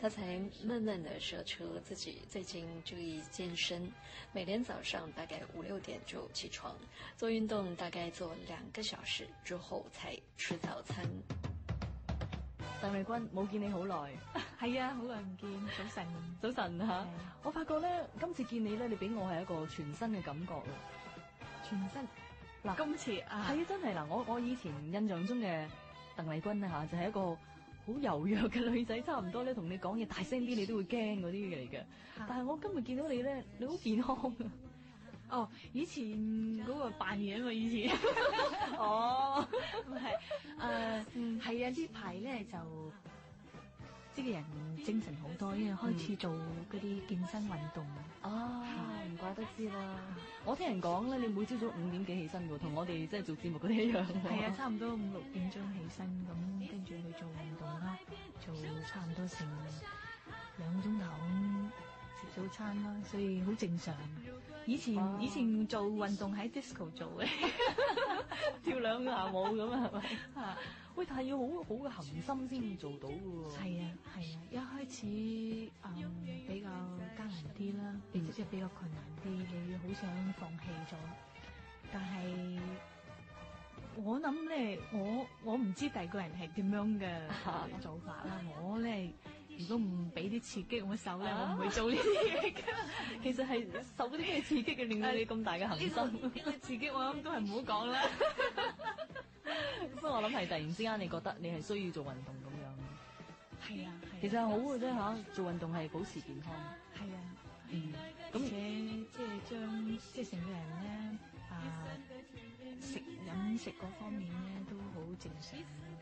他才慢慢的說出自己最近注意健身，每天早上大概五六點就起床做運動，大概做兩個小時之後才吃早餐。鄧麗君，冇見你好耐，係 啊，好耐唔見，早晨，早晨吓，我發覺咧今次見你咧，你俾我係一個全新嘅感覺，全新，嗱今次係啊，係啊真係嗱，我我以前印象中嘅鄧麗君啊吓就係一個。好柔弱嘅女仔差唔多咧，同你講嘢大聲啲，你都會驚嗰啲嚟嘅。但係我今日見到你咧，你好健康啊！哦，以前嗰個扮嘢啊嘛，以前。 哦，唔係，誒、呃，係啊、嗯，呢排咧就。即個人精神好多，因為開始做嗰啲健身運動、嗯、啊！唔怪得知啦。啊、我聽人講咧，你每朝早五點幾起身嘅喎，同我哋即係做節目啲一樣。係、嗯、啊，差唔多五六點鐘起身，咁跟住去做運動啦，做差唔多成兩鐘頭食早餐啦，所以好正常。以前、啊、以前做運動喺 disco 做嘅。 跳兩下舞咁啊，係咪嚇？ 喂，但係要好好嘅恒心先做到嘅喎。係 啊，係啊，一開始啊、嗯、比較艱難啲啦，即係、嗯、比較困難啲，你好想放棄咗，但係我諗咧，我呢我唔知第二個人係點樣嘅、啊、做法啦，我咧。如果唔俾啲刺激我手咧，我唔會做呢啲嘢嘅。啊、 其實係受啲咩刺激嘅，令到你咁大嘅恒心？刺激，我諗都係唔好講啦。不過 我諗係突然之間你覺得你係需要做運動咁樣。係 啊，啊其實好嘅啫嚇，做運動係保持健康。係啊，嗯，咁而且即係將即係成個人咧啊，食飲食嗰方面咧都好正常。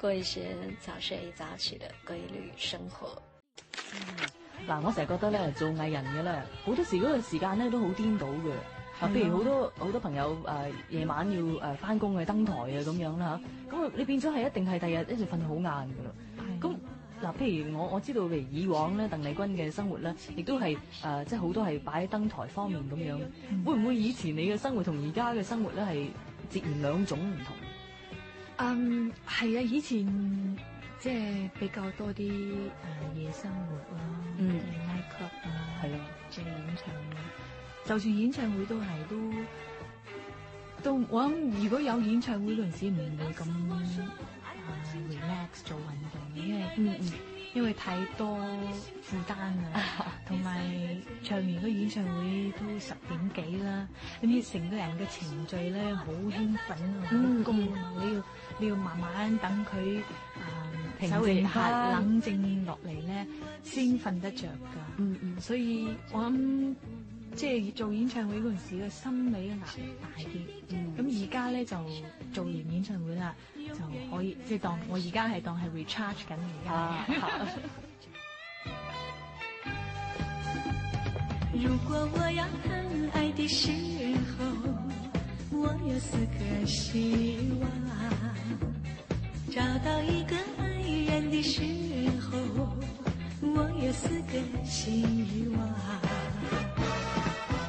過一些早睡早起的規律生活。嗱、嗯，我成日覺得咧，做藝人嘅咧，好多時嗰段時間咧都好顛倒嘅。啊，譬如好多好多朋友誒、呃，夜晚要誒翻工，去登台啊咁樣啦吓。咁你變咗係一定係第日一直瞓好晏嘅。咁嗱、嗯嗯，譬如我我知道，譬如以往咧，鄧麗君嘅生活咧，亦都係誒、呃，即係好多係擺喺登台方面咁樣。會唔會以前你嘅生活同而家嘅生活咧係截然兩種唔同？嗯，係啊、um,，以前即係比較多啲誒夜生活咯，啲、嗯、night club 啊的，係啊，即係演唱會，的就算演唱會都係都都，我諗如果有演唱會陣時唔會咁 relax 做運動，因為嗯嗯。因為太多負擔啊，同埋唱完個演唱會都十點幾啦，咁啲成個人嘅情緒咧好興奮啊，咁、嗯、你要你要慢慢等佢啊平靜下、型冷靜落嚟咧先瞓得着㗎。嗯嗯，所以我諗。即係做演唱會嗰陣時嘅心理嘅壓力大啲咁而家呢，就做完演唱會啦，就可以即係當我而家係當係 recharge 緊。而家如果我要談愛嘅時候我有四個希望，找到一個愛人嘅時候我有四個希望。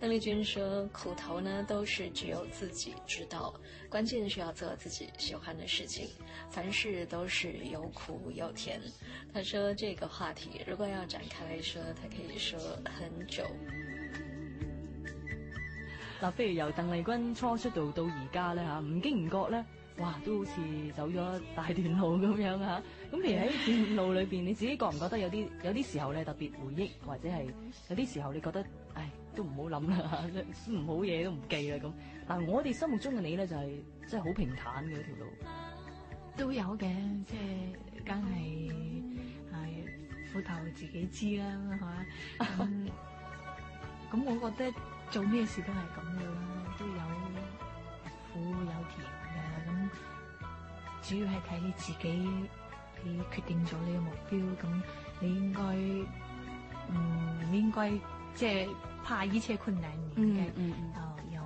鄧麗君說：“苦頭呢，都是只有自己知道。關鍵是要做自己喜歡的事情。凡事都是有苦有甜。”他說：“這個話題如果要展開來說，他可以說很久。那譬如由鄧麗君初出道到而家呢？哈，唔經唔覺呢？哇，都好似走咗大段路咁樣啊！哈，咁譬如喺段路裏邊，你自己覺唔覺得有啲有啲時候呢？特別回憶，或者係有啲時候你覺得唉。哎”都唔好諗啦，唔好嘢都唔記啦咁。但係我哋心目中嘅你咧，就係真係好平坦嘅條路，都有嘅，即係梗係係苦頭自己知啦，係嘛？咁，咁我覺得做咩事都係咁樣，都有苦有甜嘅。咁主要係睇你自己，你決定咗你嘅目標，咁你應該唔應該即係？怕一切困難嘅、嗯，嗯嗯嗯，到又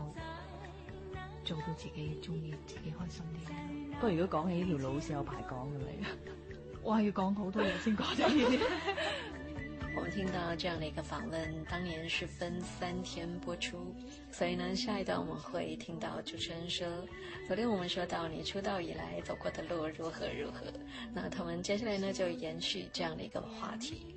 做到自己中意、自己開心啲不過如,如果講起條路，是有排講咁樣哇要我要講好多嘢先講到呢啲。我們聽到這樣的一個訪問，當年是分三天播出，所以呢下一段我們會聽到主持人說：昨天我們說到你出道以來走過的路如何如何，那他們接下來呢就延續這樣的一個話題。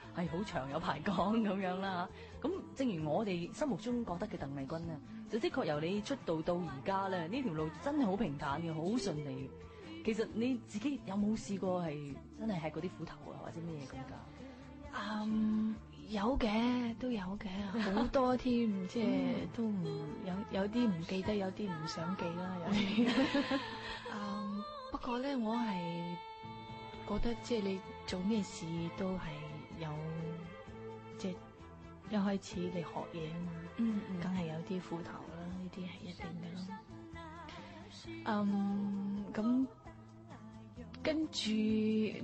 係好長，有排講咁樣啦，咁正如我哋心目中覺得嘅鄧麗君咧，就的確由你出道到而家咧，呢條路真係好平坦嘅，好順利。其實你自己有冇試過係真係係嗰啲苦頭啊，或者咩嘢咁噶？嗯、um, 有嘅都有嘅，好多添，即係都唔有有啲唔記得，有啲唔想記啦。有啲，嗯， um, 不過咧，我係覺得即係、就是、你做咩事都係。有即係一開始你學嘢啊嘛，梗係有啲苦頭啦，呢啲係一定噶啦。嗯，咁、嗯、跟住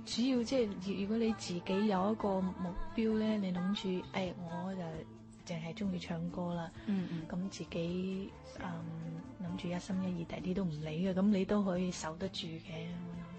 主要即係如果你自己有一個目標咧，你諗住，誒，我就淨係中意唱歌啦、嗯。嗯嗯。咁自己嗯諗住一心一意，第啲都唔理嘅，咁你都可以守得住嘅。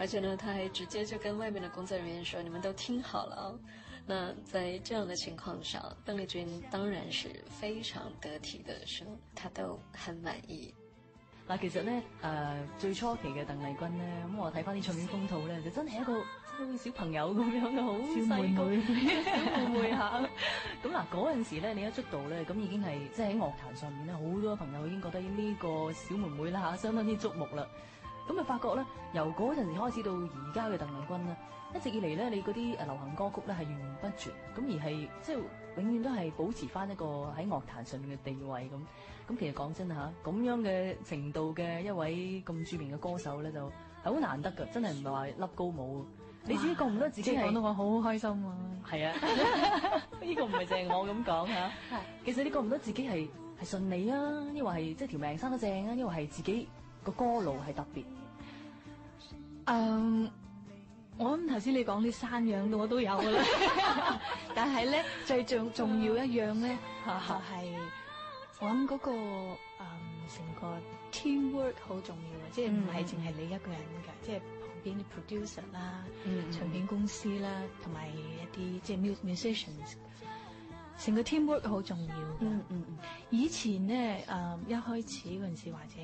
而且呢，他還直接就跟外面的工作人員說，你們都聽好了，哦，那在這樣的情況下，鄧麗君當然是非常得體的，說她都很滿意。嗱，其實呢，誒、呃，最初期嘅鄧麗君呢，咁我睇翻啲唱片封套咧，就真係一個好似小朋友咁樣嘅好細，小妹妹， 小妹妹吓，啊。咁 嗱， 嗰陣時咧，你一出道咧，咁已經係即係喺樂壇上面咧，好多朋友已經覺得呢個小妹妹啦吓，相當之矚目啦。咁咪發覺咧，由嗰陣時開始到而家嘅鄧麗君咧，一直以嚟咧，你嗰啲誒流行歌曲咧係源源不絕，咁而係即係永遠都係保持翻一個喺樂壇上面嘅地位咁。咁其實講真嚇，咁樣嘅程度嘅一位咁著名嘅歌手咧，就係好難得㗎，真係唔係話笠高帽。你自己覺唔覺得自己講到我好開心啊？係啊，呢個唔係淨我咁講嚇。其實你覺唔覺得自己係係順利啊？因為係即係條命生得正啊，因為係自己個歌路係特別。嗯，um, 我諗頭先你講呢三樣，我都有啦。但係咧最重重要一樣咧，係我諗嗰個嗯成個 teamwork 好重要、mm hmm. 即係唔係淨係你一個人㗎，即係旁邊啲 producer 啦、mm、唱、hmm. 片公司啦，同埋一啲即係 musicians。成個 teamwork 好重要。嗯嗯、mm。Hmm. 以前咧、嗯，一開始嗰陣時或者。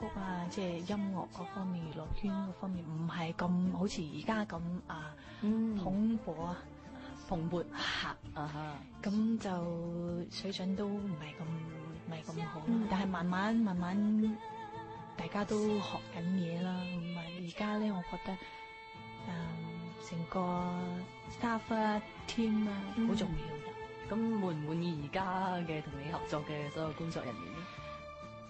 曲啊，即係音樂各方面，娛樂圈各方面唔係咁好似而家咁啊，嗯蓬，蓬勃啊，蓬勃吓，咁就水準都唔係咁，唔係咁好。嗯、但係慢慢慢慢，慢慢大家都學緊嘢啦，唔係而家咧，我覺得，誒、啊、成個 staff 啊，team 啊，好、嗯、重要噶。咁滿唔滿意而家嘅同你合作嘅所有工作人員咧？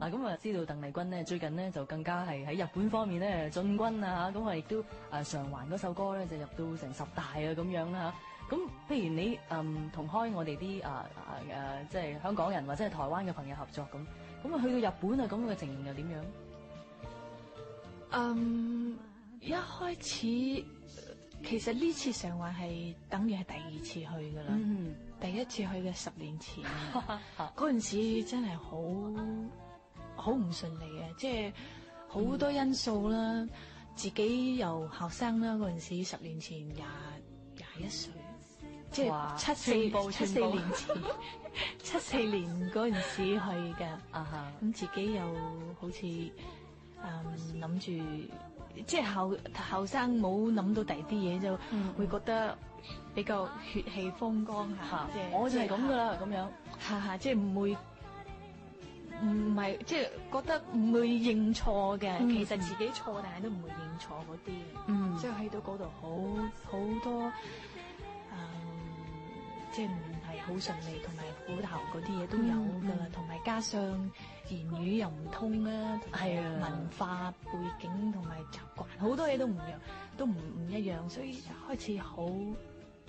嗱咁啊，知道鄧麗君咧最近咧就更加係喺日本方面咧進軍啊，咁我亦都誒償還嗰首歌咧就入到成十大啊咁樣啦。咁譬如你誒、嗯、同開我哋啲誒誒即係香港人或者係台灣嘅朋友合作咁，咁啊去到日本啊咁嘅情形又點樣？嗯，一開始其實呢次償還係等於係第二次去噶啦、嗯，第一次去嘅十年前，嗰陣 時真係好。好唔順利嘅，即係好多因素啦。嗯、自己又後生啦，嗰陣時十年前廿廿一歲，即係哇七四部七四年前， 七四年嗰陣時去嘅。啊咁自己又好似誒諗住，即、嗯、係、嗯就是、後後生冇諗到第二啲嘢，就會覺得比較血氣方剛吓，嗯嗯、我就係咁噶啦，咁、啊、樣吓，嚇、啊，即係唔會。唔係即係覺得唔會認錯嘅，嗯、其實自己錯，但係都唔會認錯嗰啲嘅。嗯，即係去到嗰度，好好多，誒，即係唔係好順利，同埋苦頭嗰啲嘢都有㗎啦。同埋、嗯嗯、加上言語又唔通啦，係啊、嗯，文化、係、背景同埋習慣好多嘢都唔樣，都唔唔一樣，所以開始好，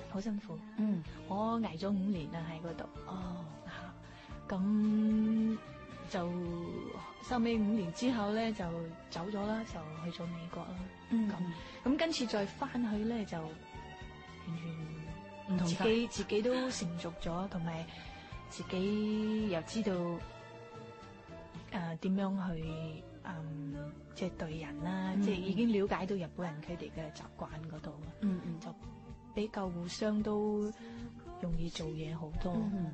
好辛苦。嗯，我捱咗五年啊喺嗰度。嗯、哦，咁。就收尾五年之後咧，就走咗啦，就去咗美國啦。咁咁今次再翻去咧，就完全唔同、嗯嗯、自己自己都成熟咗，同埋自己又知道誒點、呃、樣去誒，即、嗯、係、就是、對人啦，即係、嗯、已經了解到日本人佢哋嘅習慣嗰度，嗯嗯，就比較互相都容易做嘢好多。嗯嗯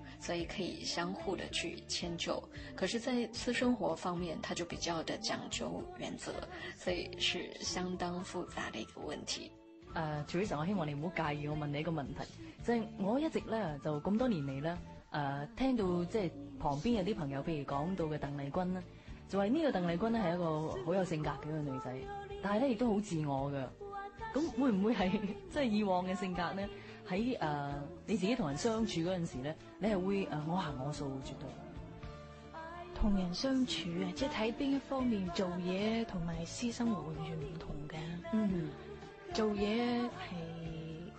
所以可以相互的去遷就，可是，在私生活方面，他就比較的講究原則，所以是相當複雜的一個問題。誒 t r 我希望你唔好介意我問你一個問題，即係我一直咧就咁多年嚟呢，誒、呃、聽到即係旁邊有啲朋友，譬如講到嘅鄧麗君咧，就話呢個鄧麗君咧係一個好有性格嘅一個女仔，但係咧亦都好自我嘅，咁會唔會係即係以往嘅性格咧？喺誒、呃、你自己同人相處陣時咧，你係會誒、呃、我行我素絕對。同人相處啊，mm hmm. 即係睇邊一方面做嘢同埋私生活完全唔同嘅。嗯、mm，做嘢係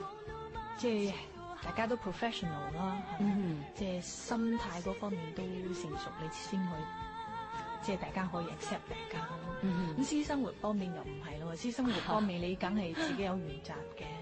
即係大家都 professional 啦、mm，hmm. 即係心態嗰方面都成熟，你先去即係大家可以 accept 大家。咁、mm hmm. 私生活方面又唔係咯，私生活方面 你梗係自己有原則嘅。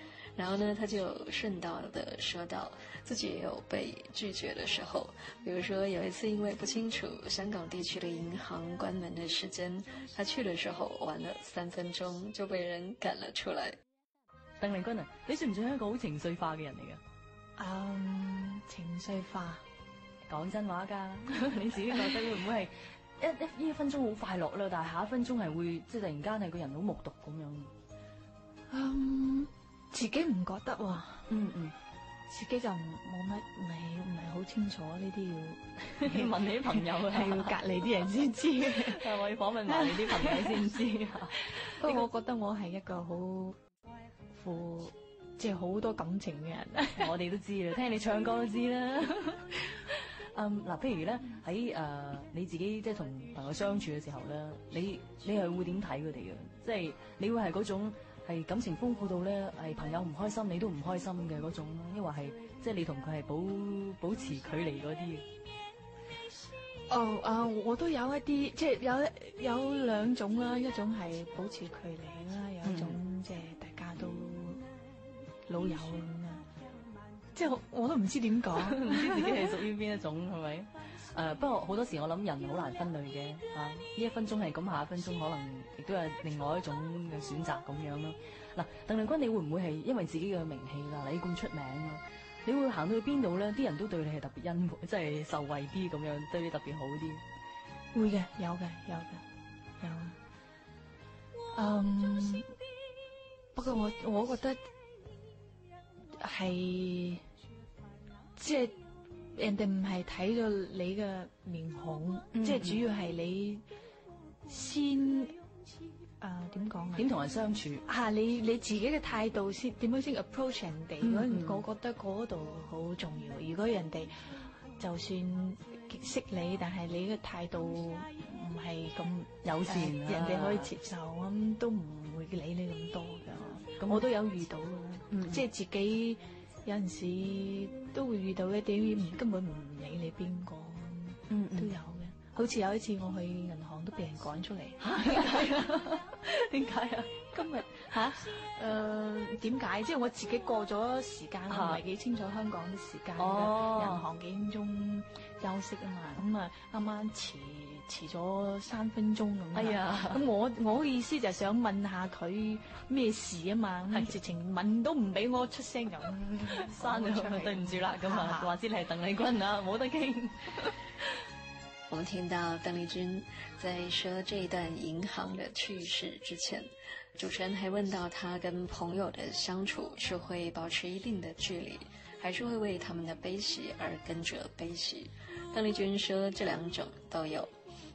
然後呢，他就順道的說到，自己也有被拒絕的時候，比如說有一次因為不清楚香港地區的銀行關門的時間，他去的時候晚了三分鐘就被人趕了出來。鄧麗君啊，你算唔算一個好情緒化嘅人嚟噶？啊，um, 情緒化，講真話㗎， 你自己覺得會唔會係一一呢一分鐘好快樂啦，但係下一分鐘係會即係、就是、突然間係個人好木獨咁樣？嗯。Um, 自己唔覺得喎，嗯嗯，自己就冇乜，唔係唔係好清楚呢啲要，你 問你啲朋友係要隔離啲人先知，係 我要訪問埋你啲朋友先知。不過 我覺得我係一個好負即係好多感情嘅人， 我哋都知啦，聽你唱歌都知啦、 啊。嗯，嗱，譬如咧喺誒你自己即係同朋友相處嘅時候咧，你你係會點睇佢哋嘅？即係你會係嗰種。係感情豐富到咧，係朋友唔開心你都唔開心嘅嗰種咯，亦或係即係你同佢係保保持距離嗰啲。哦啊，我都有一啲，即係有有兩種啦，一種係保持距離啦，有一種、嗯、即係大家都老友咁啊，算即係我，我都唔知點講，唔 知自己係屬於邊一種係咪？ 是不是誒、呃，不過好多時我諗人好難分類嘅，吓、啊、呢一分鐘係咁，下一分鐘可能亦都有另外一種嘅選擇咁樣咯。嗱、啊，鄧麗君你會唔會係因為自己嘅名氣啦？你咁出名啦，你會行到去邊度咧？啲人都對你係特別恩惠，即、就、係、是、受惠啲咁樣，對你特別好啲。會嘅，有嘅，有嘅，有。嗯,嗯，不過我我覺得係即係。就是人哋唔係睇到你嘅面孔，嗯、即係主要係你先，誒、嗯，點講啊？點同人相處吓、啊，你你自己嘅態度先點樣先 approach 人哋？嗰，我、嗯、覺得嗰度好重要。如果人哋就算識你，但係你嘅態度唔係咁友善、啊，人哋可以接受咁、嗯、都唔會理你咁多嘅。咁我都有遇到，嗯，嗯即係自己。有陣時都會遇到一啲根本唔理你邊個，都有嘅。好似有一次我去銀行都被人趕出嚟，點解 啊，啊？今日嚇？誒點解？即係我自己過咗時間，我唔係幾清楚香港嘅時間嘅銀 行幾點鐘休息啊嘛？咁啊啱啱遲，剛剛遲咗三分鐘咁啊！咁、哎、呀我我嘅意思就係想問下佢咩事啊嘛，直的情問都唔俾我出聲咁，刪咗對唔住啦咁啊！話知你係鄧麗君啊，冇得傾。我們聽到鄧麗君在說這一段銀行嘅趣事之前，主持人還問到她跟朋友的相處是會保持一定的距離，還是會為他們的悲喜而跟着悲喜？鄧麗、嗯、君說：這兩種都有。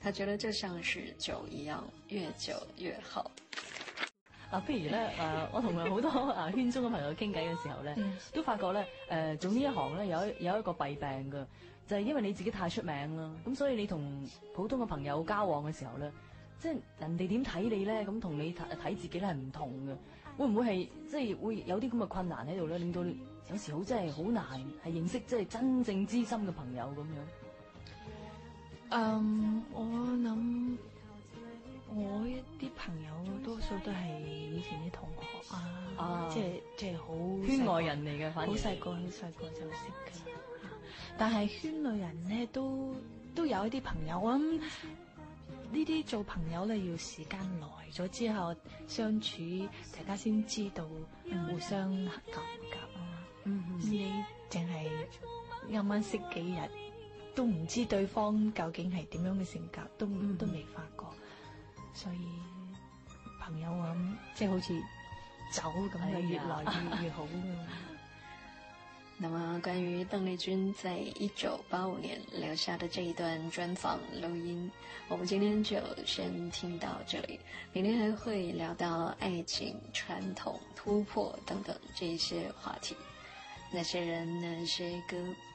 他覺得就像是酒一樣，越久越好。啊，譬如咧，啊， 我同好多啊圈中嘅朋友傾偈嘅時候咧， 都發覺咧，誒、呃，做呢一行咧有一有一個弊病嘅，就係、是、因為你自己太出名啦，咁所以你同普通嘅朋友交往嘅時候咧，即、就、係、是、人哋點睇你咧，咁同你睇自己咧係唔同嘅，會唔會係即係會有啲咁嘅困難喺度咧，令到有時好真係好難係認識即係真正知心嘅朋友咁樣。嗯，um, 我諗我一啲朋友多數都係以前啲同學啊，啊即係即係好圈外人嚟嘅，反正好細個，好細個就識嘅。但係圈內人咧都都有一啲朋友，啊，我諗呢啲做朋友咧要時間耐咗之後相處，大家先知道互相合唔合啊嗯。嗯，你淨係啱啱識幾日？都唔知對方究竟係點樣嘅性格，都都未發覺，嗯、所以朋友咁即係好似酒咁，係越來越、哎、呀 越來越好嘅、啊。 那麼，關於鄧麗君在一九八五年留下的這一段專訪錄音，我們今天就先聽到這裡，明天還會聊到愛情、傳統、突破等等這些話題，那些人，那些歌。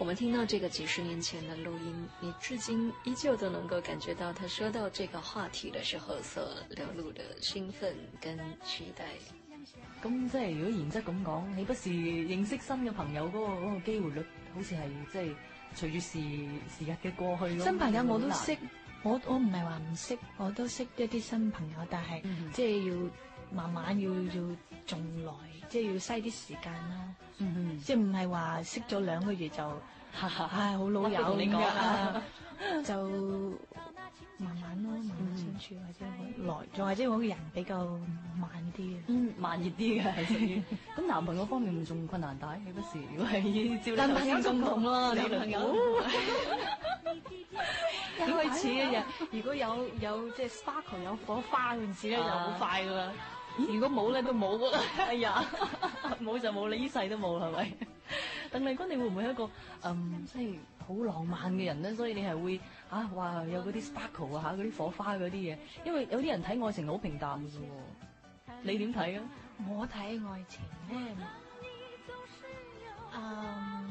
我們聽到這個幾十年前的錄音，你至今依舊都能夠感覺到他說到這個話題的時候所流露的興奮跟期待。咁即係如果然則咁講，豈不是認識新嘅朋友個個機會率，好似係即係隨住時時日嘅過去咯？新朋友我都識，我我唔係話唔識，我都識一啲新朋友，但係即係要慢慢要要仲耐。即係要嘥啲時間啦，即係唔係話識咗兩個月就，唉好老友咁嘅，就慢慢咯，慢慢相處或者好耐，仲係即個人比較慢啲嘅，慢熱啲嘅係先。咁男朋友方面仲困難大，你不時如果係照，招男朋友，咁唔同咯，女朋友。開始嘅嘢，如果有有即係 spark 有火花咁樣，始終就好快噶啦。如果冇咧都冇，哎呀，冇就冇，你呢世都冇，係咪？鄧麗君，你會唔會係一個嗯，即係好浪漫嘅人咧？所以你係會啊，哇，有嗰啲 sparkle 啊，吓嗰啲火花嗰啲嘢。因為有啲人睇愛情好平淡嘅，你點睇啊？我睇愛情咧，啊、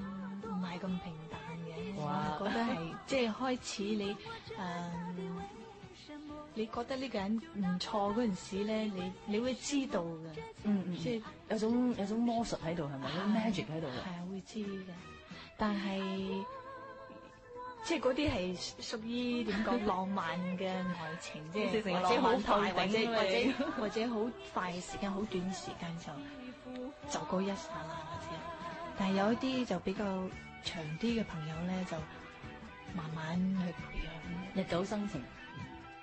呃，唔係咁平淡嘅，哇，我係覺得係即係開始你嗯。呃你覺得呢個人唔錯嗰陣時咧，你你會知道嘅、嗯，嗯嗯，即係有種有種魔術喺度，係咪？Magic 喺度。係啊，會知嘅。但係即係嗰啲係屬於點講浪漫嘅愛情，即係，或者好快或者或者好快嘅時間，好短嘅時間就就過一下啦。但係有一啲就比較長啲嘅朋友咧，就慢慢去培養，日久生情。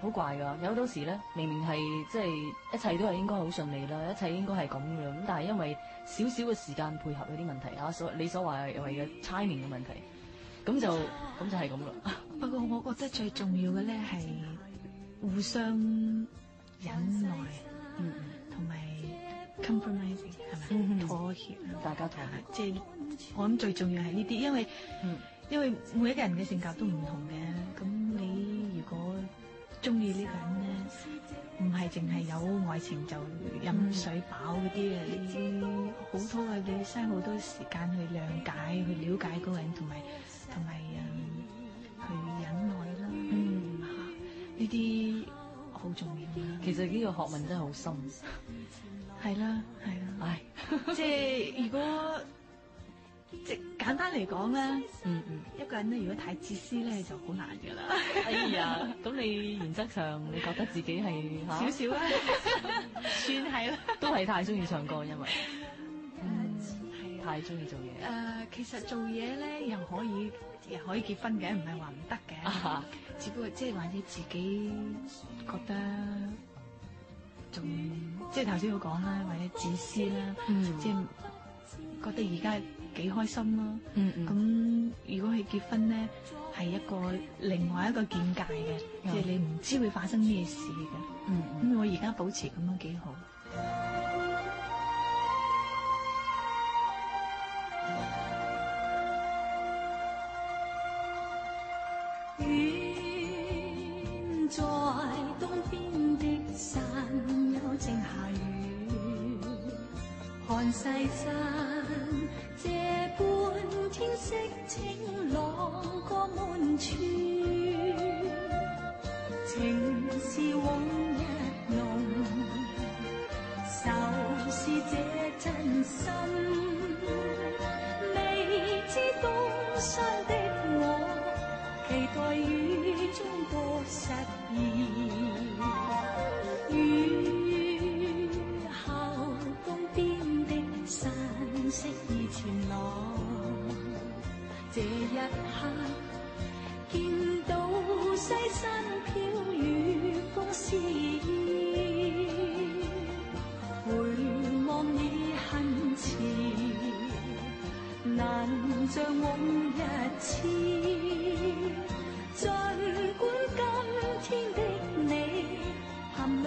好怪噶，有好多時咧，明明係即係一切都係應該好順利啦，一切應該係咁樣咁，但係因為少少嘅時間配合有啲問題啊，所你所謂為嘅 timing 嘅問題，咁就咁就係咁啦。不過我覺得最重要嘅咧係互相忍耐，嗯嗯，同埋 compromise 係咪？嗯、妥協，大家妥協。即係、就是、我諗最重要係呢啲，因為、嗯、因為每一個人嘅性格都唔同嘅，咁你如果中意呢個人咧，唔係淨係有愛情就飲水飽嗰啲啊！呢啲、嗯、好多啊，你嘥好多時間去瞭解、去了解嗰個人，同埋同埋誒去忍耐啦。嗯嚇，呢啲好重要。其實呢個學問真係好深。係啦，係啦。唉，即係如果。簡單嚟講咧，嗯嗯，一個人咧如果太自私咧就好難㗎啦。 哎呀，咁你原則上你覺得自己係、啊、少少啦、啊， 算係啦吧。都係太中意唱歌，因為、嗯嗯、太中意做嘢、啊呃。其實做嘢咧又可以，可以結婚嘅，唔係話唔得嘅。啊、哈只不過即係或者自己覺得仲即係頭先要講啦，或者自私啦，嗯、即係覺得而家。幾開心啦！咁如果係結婚咧，係一個另外一個境界嘅，即係你唔知會發生咩事嘅。咁我而家保持咁樣幾好。遠在東邊的山丘正下雨，看西山。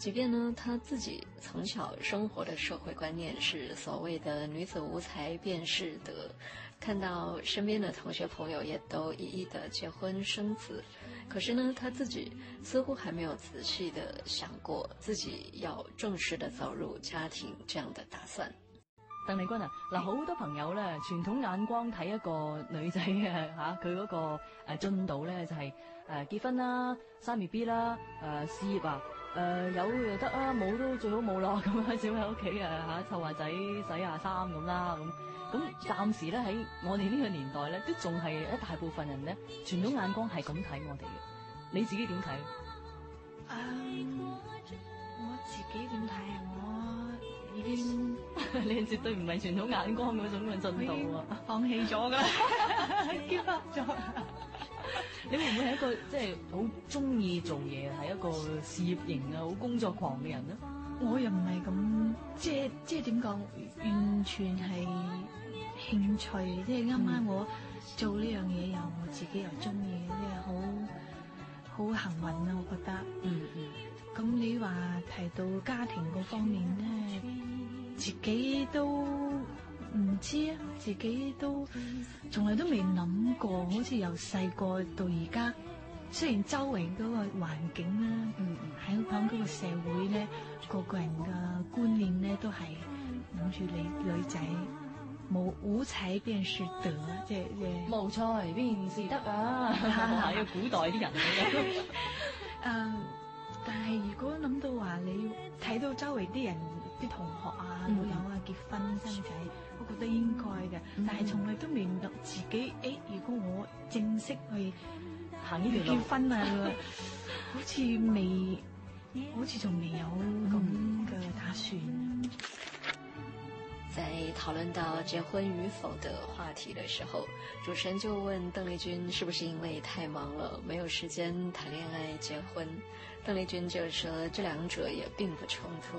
即便呢，他自己從小生活的社會觀念是所謂的“女子無才便是德”，看到身邊的同學朋友也都一一的結婚生子，可是呢，他自己似乎還沒有仔細的想過自己要正式的走入家庭這樣的打算。鄧麗君啊，嗱、哎啊，好多朋友呢，傳統眼光睇一個女仔嘅吓，佢、啊、嗰、那個誒、啊、進度呢，就係、是、誒、啊、結婚啦、生 B B 啦、誒事業啊。誒、呃，有就得啦，冇都最好冇咯，咁樣少喺屋企啊吓，湊下仔洗下衫咁啦，咁咁暫時咧喺我哋呢個年代咧，都仲係一大部分人咧傳統眼光係咁睇我哋嘅，你自己點睇、嗯？我自己點睇？我已經 你絕對唔係傳統眼光嗰種嘅進度啊，放棄咗噶啦，放 咗 你會唔會係一個即係好中意做嘢，係、就是、一個事業型啊，好工作狂嘅人咧？我又唔係咁，即係即係點講，完全係興趣。即係啱啱我做呢樣嘢又我自己又中意，即係好好幸運啊！我覺得，嗯嗯。咁、嗯、你話提到家庭嗰方面咧，自己都。唔知啊，自己都從來都未諗過，好似由細個到而家，雖然周圍嗰個環境啦，喺、嗯、嗰個社會呢，個個人嘅觀念呢，都係諗住你女仔冇、就是、才便是德，即係即係，冇才便是德啊，係啊，古代啲人啊，誒，但係如果諗到話，你要睇到周圍啲人、啲同學啊、老友啊結婚生仔。嗯嗯都應該嘅，但係從來都未明白自己，誒、欸，如果我正式去行呢條路結婚啊，好似未，好似仲未有咁嘅打算。在討論到結婚與否的話題的時候，主持人就問鄧麗君是不是因為太忙了，沒有時間談戀愛結婚？鄧麗君就說，這兩者也並不衝突。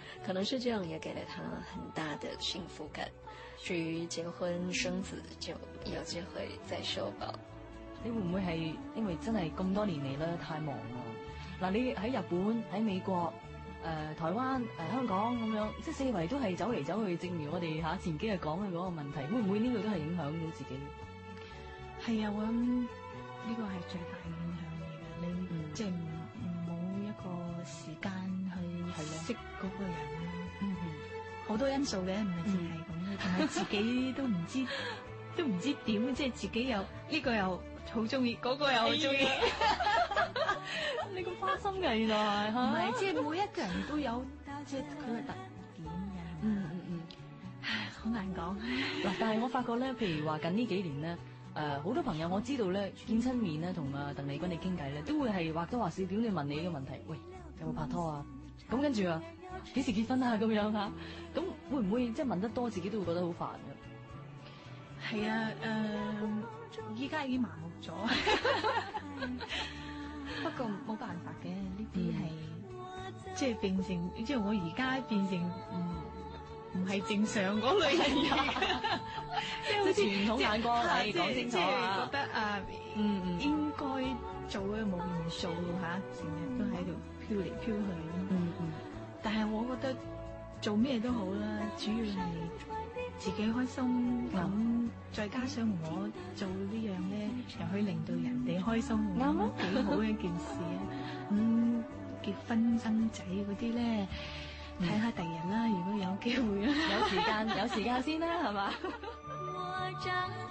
可能是這樣，也給了他很大的幸福感。至於結婚生子，就有機會再收吧。你會唔會係因為真係咁多年嚟，咧太忙啦？嗱，你喺日本、喺美國、誒、呃、台灣、誒、呃、香港咁樣，即係四圍都係走嚟走去。正如我哋吓前幾日講嘅個問題，會唔會呢個都係影響到自己？係啊，我諗呢、呢個係最大影響嚟嘅。你即係唔冇一個時間去的識嗰個人。好多因素嘅，唔係淨係咁，同埋、嗯、自己都唔知， 都唔知點，即、就、係、是、自己有呢、這個又好中意，嗰、那個又好中意。你咁花心嘅，原來唔係，是 即係每一個人都有， 即係佢嘅特點嘅。嗯嗯嗯，唉，好難講。嗱， 但係我發覺咧，譬如話近呢幾年咧，誒、呃，好多朋友我知道咧，見親面咧，同啊鄧麗君你傾偈咧，都會係或多或少點你問你個問題。喂，有冇拍拖啊？咁跟住啊，幾時結婚啊？咁樣嚇，咁會唔會即係、就是、問得多，自己都會覺得好煩嘅？係啊，誒、呃，依家已經麻木咗，不過冇辦法嘅，呢啲係即係變成，即、就、係、是、我而家變成唔唔係正常嗰類人啦，即係好似傳統眼光係講是清楚覺、就是就是、覺得啊，嗯嗯，應該。做咧冇定數嚇，成日、啊、都喺度飄嚟飄去。嗯嗯。但係我覺得做咩都好啦，主要係自己開心。咁、嗯、再加上我做這呢樣咧，又可以令到人哋開心的，啱啊、嗯，幾好嘅一件事啊！咁、嗯、結婚生仔嗰啲咧，睇下第日啦，如果有機會啊，有時間 有時間先啦，係嘛。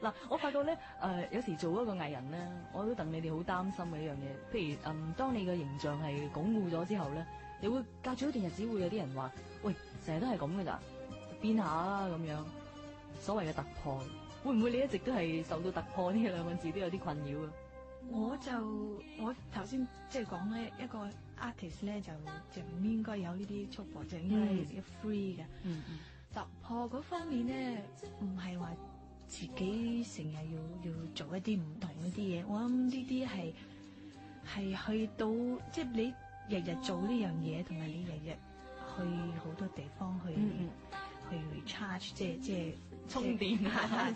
嗱， 我發覺咧，誒、呃，有時做一個藝人咧，我都戥你哋好擔心嘅一樣嘢。譬如，嗯、呃，當你嘅形象係鞏固咗之後咧，你會隔咗一段日子會有啲人話：喂，成日都係咁嘅咋，變下啦，啊，咁樣。所謂嘅突破，會唔會你一直都係受到突破呢？兩個字都有啲困擾啊。我就我頭先即係講咧，一個 artist 咧就就唔應該有呢啲束縛，就應該要 free 嘅。嗯嗯嗯，突破嗰方面咧，唔係話。自己成日要要做一啲唔同一啲嘢，我諗呢啲係係去到即係、就是、你日日做呢樣嘢，同埋你日日去好多地方去、嗯、去 recharge，即係即係充電啊，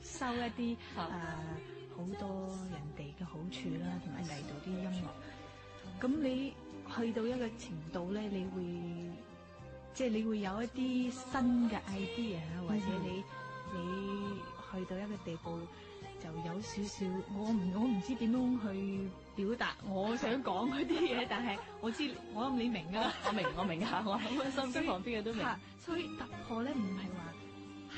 吸收一啲誒好多人哋嘅好處啦，同埋嚟到啲音樂，咁、嗯、你去到一個程度咧，你會即係、就是、你會有一啲新嘅 idea，或者你、嗯、你。去到一個地步就有少少，我唔我唔知點樣去表達我想講嗰啲嘢， 但係我知我諗你明啊 我明，我明我明下，我喺心身旁邊嘅都明所。所以突破咧，唔係話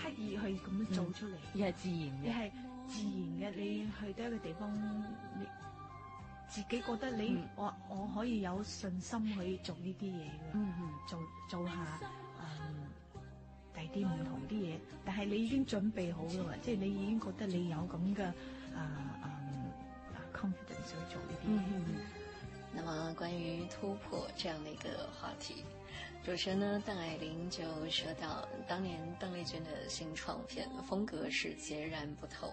刻意去咁樣做出嚟，嗯，而係自然嘅。而係自然嘅，你去到一個地方，你自己覺得你、嗯、我我可以有信心去做呢啲嘢嘅，嗯，做做下。大啲唔同啲嘢，但係你已經準備好啦，即係前你已經覺得你有咁嘅啊啊啊 confidence 想做呢啲。嗯前嗯。嗯嗯，那麼關於突破這樣的一個話題，主持人呢鄧愛玲就說到，當年鄧麗君的新創片風格是截然不同。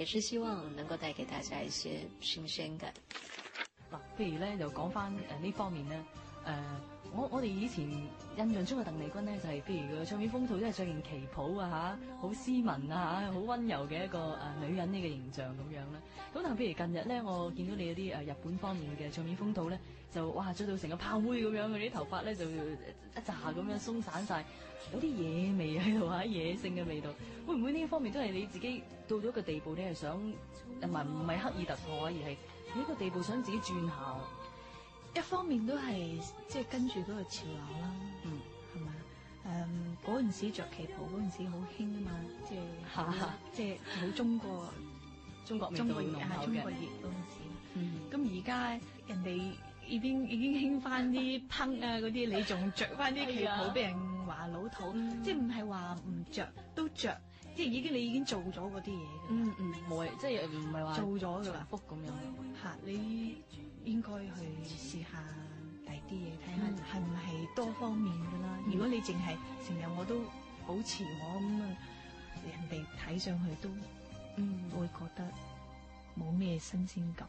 也是希望能夠帶給大家一些新鮮感。嗱、啊，譬如咧就講翻誒呢、呃、這方面咧，誒、呃、我我哋以前印象中嘅鄧麗君咧就係、是、譬如個唱片封套都係著件旗袍啊嚇，好斯文啊嚇，好溫、 啊、柔嘅一個誒、呃、女人呢個形象咁樣啦。咁但譬如近日咧，我見到你嗰啲誒日本方面嘅唱片封套咧。就哇，着到成個炮灰咁樣，嗰啲頭髮咧就一紮咁樣鬆散晒，有啲野味喺度啊，野性嘅味道。會唔會呢方面都係你自己到咗個地步你，你係想唔係刻意突破啊，而係呢個地步想自己轉下。一方面都係即係跟住嗰個潮流啦、嗯，嗯，係咪啊？嗰陣時著旗袍嗰陣時好興啊嘛，即係即係好中國，中國味道中國中國熱嗰陣時。咁而、嗯嗯、家人哋。已經已經興翻啲烹啊嗰啲， 你仲着翻啲旗袍俾人話老土、 嗯，即係唔係話唔着，都着，即係已經你已經做咗嗰啲嘢嘅。嗯嗯，冇不即係唔係話做咗嘅啦，福咁樣。嚇，你應該去試下第啲嘢，睇下係唔係多方面嘅啦。嗯、如果你淨係成日我都保持我咁啊，人哋睇上去都、嗯嗯、會覺得冇咩新鮮感。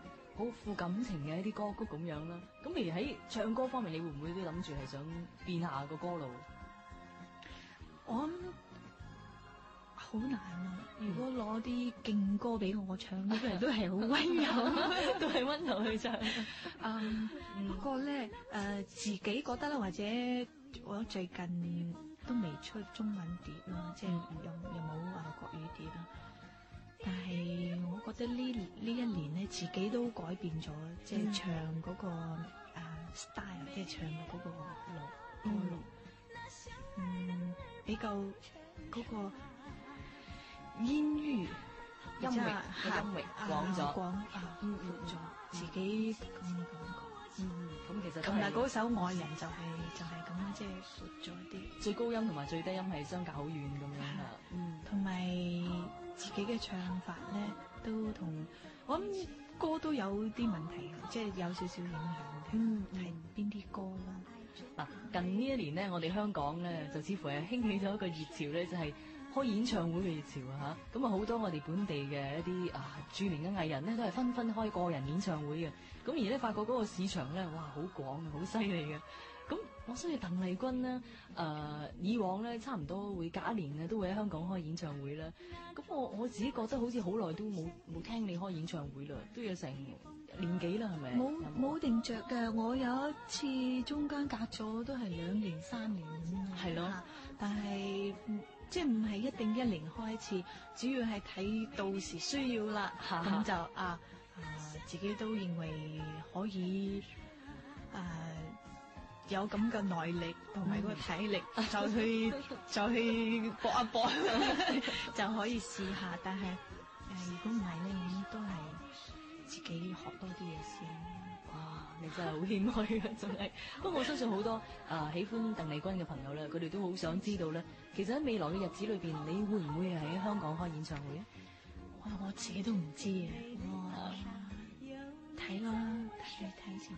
好負感情嘅一啲歌曲咁樣啦，咁而喺唱歌方面，你會唔會都諗住係想變下個歌路？我諗好難啊！如果攞啲勁歌俾我唱，呢個人都係好溫柔，都係溫柔去唱。啊，不過咧，誒自己覺得啦，或者我最近都未出中文碟啦，即係又又冇啊國語碟啦。但係，我覺得呢呢一年咧，自己都改變咗，即係唱嗰個 style，即係唱嗰個路，嗯，比較嗰個音域、音域、音域廣咗，廣啊，闊咗，自己咁嘅感覺，嗯，咁其實琴日嗰首《愛人》就係就係咁樣，即係闊咗啲，最高音同埋最低音係相隔好遠咁樣啦，嗯，同埋。自己嘅唱法咧都同，我諗歌都有啲問題、嗯、即係有少少影響。嗯，係邊啲歌啦？嗱、嗯，近呢一年咧，我哋香港咧就似乎係興起咗一個熱潮咧，就係、係、開演唱會嘅熱潮啊！嚇，咁啊好多我哋本地嘅一啲啊著名嘅藝人咧，都係紛紛開個人演唱會嘅。咁而呢，發覺嗰個市場咧，哇，好廣，好犀利嘅。咁我相信鄧麗君咧，誒、呃、以往咧差唔多會隔一年嘅都會喺香港開演唱會啦。咁我我自己覺得好似好耐都冇冇聽你開演唱會啦，都要有成年幾啦，係咪？冇冇沒定着嘅，我有一次中間隔咗都係兩年三年咁係咯，啊、但係即係唔係一定一年開始，主要係睇到時需要啦。咁 就啊，啊，自己都認為可以誒。啊有咁嘅耐力同埋個體力，嗯、就去就去搏一搏， 就可以試下。但係、呃、如果唔係咧，咁都係自己多學多啲嘢先。哇，你真係好謙虛啊，真係。 不過我相信好多誒、呃、喜歡鄧麗君嘅朋友咧，佢哋都好想知道咧，其實喺未來嘅日子裏邊，你會唔會喺香港開演唱會咧？我自己都唔知啊，睇哇、啊、啦，睇睇前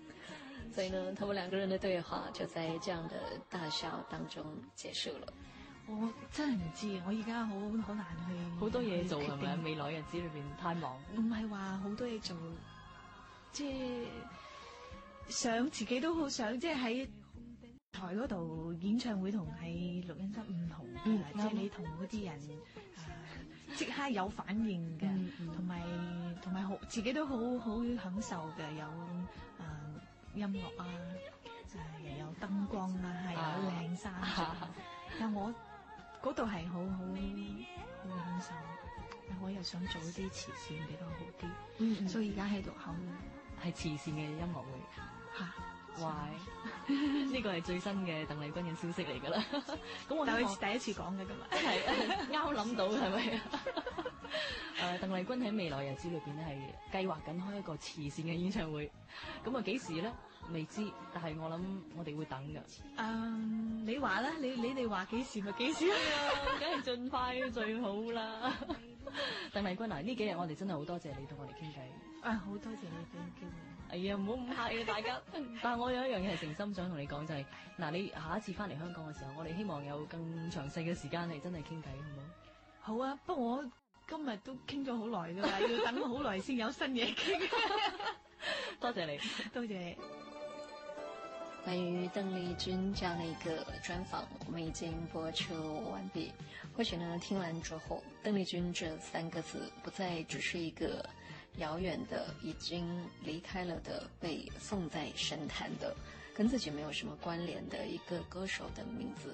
所以呢，他們兩個人的對話就在這樣的大笑當中結束了。我真係唔知，我而家好好難去好多嘢做唔肯定，係咪，未來日子裏邊太忙？唔係話好多嘢做，即係想自己都好想，即係喺台度演唱會同喺錄音室唔同，即係、嗯、你同啲人即刻、嗯呃、有反應嘅，同埋同埋好自己都好好享受嘅有啊。呃音樂啊，就、呃、係又有燈光啊，係、啊、有靚衫、啊啊、但我嗰度係好好好享受，但我又想做啲慈善比較好啲，嗯、所以而家喺度考慮。係慈善嘅音樂會，嚇、啊！哇！呢個係最新嘅鄧麗君嘅消息嚟㗎啦。咁 我，我第一次第一次講㗎，咁啊，係啱好諗到，係咪 吧？ 誒，鄧麗、呃、君喺未來日子裏邊咧，係計劃緊開一個慈善嘅演唱會。咁啊，幾時咧未知，但係我諗我哋會等噶。啊，你話啦，你你哋話幾時咪幾時啊，梗係盡快最好啦。鄧麗君啊，呢幾日我哋真係好多謝你同我哋傾偈。啊，好多謝你點傾。係、哎、啊，唔好咁客氣，大家。 但係我有一樣嘢係誠心想同你講就係、是，嗱、啊，你下一次翻嚟香港嘅時候，我哋希望有更詳細嘅時間嚟真係傾偈，好唔好？好啊，不過我。今日都傾咗好耐噶，要等好耐先有新嘢傾。 多謝你，多謝。關於鄧麗君這樣的一個專訪，我們已經播出完畢。或許呢，聽完之後，鄧麗君這三個字不再只是一個遙遠的、已經離開了的、被放在神壇的、跟自己沒有什麼關聯的一個歌手的名字。